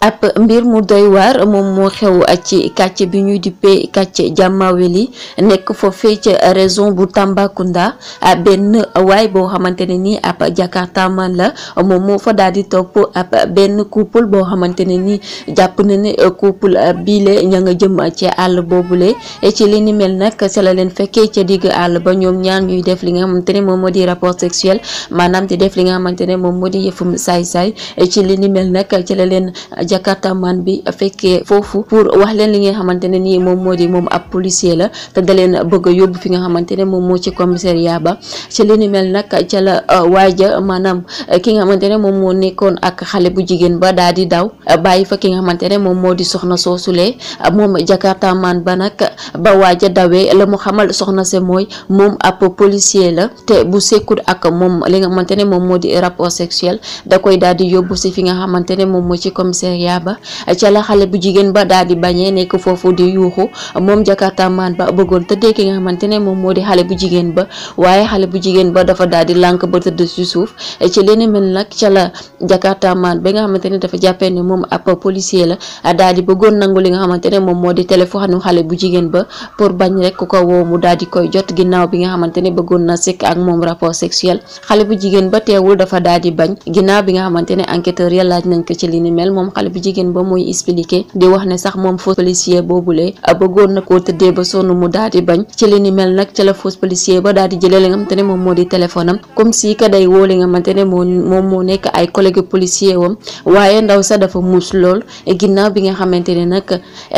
ab mbir mu doy waar moom moo xew ak ci quartier bi ñuy dippee quartier Jàmmaweli nekk foofee ca région bu Tambacounda benn waay boo xamante ne nii ab jakartaman la moom moo fa daal di topp ab benn couple boo xamante ne nii jàpp na ne couple biile ñaa nga jëm ci àll boobule ci li ni mel nag ca la leen fekkee ca digg àll ba ñoom ñaar ñuy def li nga xamante ne moom moo di rapport sexuel maanaam di def li nga xamante ne moom moo di yëfum saay-saay ci li ni mel nag ca la leen jakarta man bi fekkee foofu pour wax leen li nga xamante ne nii moom moo di moom ab policier la te da leen bëgg a yóbbu fi nga xamante ne moom moo ci commissariat ba ci li ni mel nag ca la uh, waaja maanaam uh, ki nga xamante ne moom moo nekkoon ak xale bu jigéen ba daal di daw uh, bàyyi fa ki nga xamante ne moom moo di soxna soosulee moom jakarta man ba nag ba waaja dawee la mu xamal soxna si mooy moom ab policier la te bu sekkut ak moom li nga xamante ne moom moo di rapport sexuel da koy daal di yóbbu si fi nga xamante ne moom moo ci commissariat yaaba ca la xale bu jigéen ba daal di bañee nekk foofu di ba bëggoon tëddee ki nga xamante ne moom moo di xale bu jigéen ba waaye xale bu jigéen ba dafa daal di ci suuf nag ca la jakartamaan ba nga xamante dafa jàppee ne moom ab policier la daal di bëggoon nangu li nga xamante ne moom moo di téléphone xale bu jigéen ba pour bañ rek ku ko woo mu daal di koy jot ginnaaw bi nga xamante ne bëggoon na sekk ak moom rapport sexuel xale bu jigéen ba teewul dafa daal di bañ ginnaaw bi nga xamante ne enquêteur ya laaj nañ ko ci li ni mel moom xale xale bu jigéen ba muy expliqué di wax ne sax moom faux policier boobule ah, bëggoon na koo tëddee ba sonn mu daal di bañ ci li ni mel nag ca la faux policier ba daal di jëlee li nga xamante ne moom moo di téléphone comme si ka day woo li nga xamante ne moo moom moo nekk ay collègue policier wam waaye ndaw sa dafa muus lool ginnaaw bi nga xamante ne nag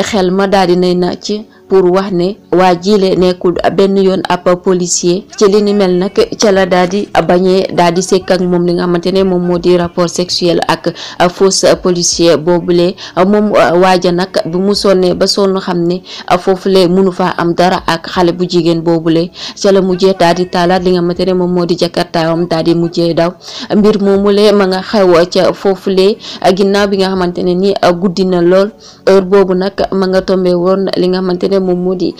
xel ma daal di nay na ci pour wax ne waa jile nekkul benn yoon ab policier ci li ni mel nag ca la daal di bañee daal di sekk ak moom li nga xamante ne moom moo di rapport sexuel ak fausse policier boobule moom waaja nag bi mu sonnee ba sonn xam ne foofule munu faa am dara ak xale bu jigéen boobule ca mujjee daal di taalaat li nga xamante ne moom moo di jakartaawam daal di mujjee daw mbir moomule ma nga xew ca foofu foofule ginnaaw bi nga xamante ne a guddi na lool heure boobu nag ma nga tombé woon li nga xamante moom moo di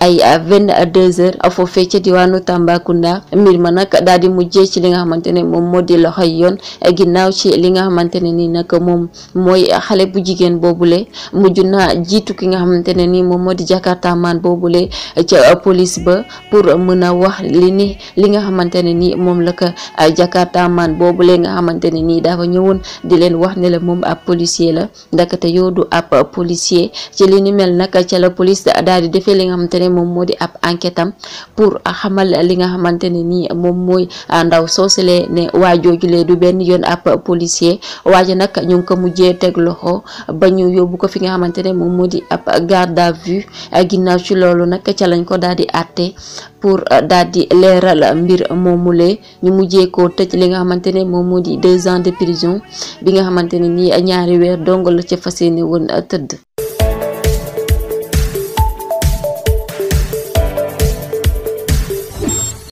ay vingt deux heures foofee ca diwaanu Tambacounda mbir ma nag daal di mujjee ci li nga xamante ne moom moo di loxoy yoon ginnaaw ci li nga xamante ne ni nag moom mooy xale bu jigéen boobule mujj naa jiitu ki nga xamante ne ni moom moo di Jakarta man boobule ca police ba pour mën a wax li li nga xamante ne ni moom la ko Jakarta man xamante ne ni dafa ñëwoon di leen wax ne la moom ab policier la ndakate yow du ab policier ci li ni mel nag ca la police daal defee li nga xamante ne moom moo di ab enquête pour xamal li nga xamante ne nii moom mooy ah, ndaw soosale ne waa joojulee du benn yoon ab policier waaja nag ñu ngi ko mujjee teg loxo ba ñu yóbbu ko fi nga xamante ne moom moo di ab garde à ginnaaw ci loolu nag ca lañ ko daal di àtte pour daal di leeral mbir moomulee ñu mujjee koo tëj li nga xamante ne moom moo di deux ans de prison bi nga xamante ne nii ñaari weer dong la ca fas yéene woon tëdd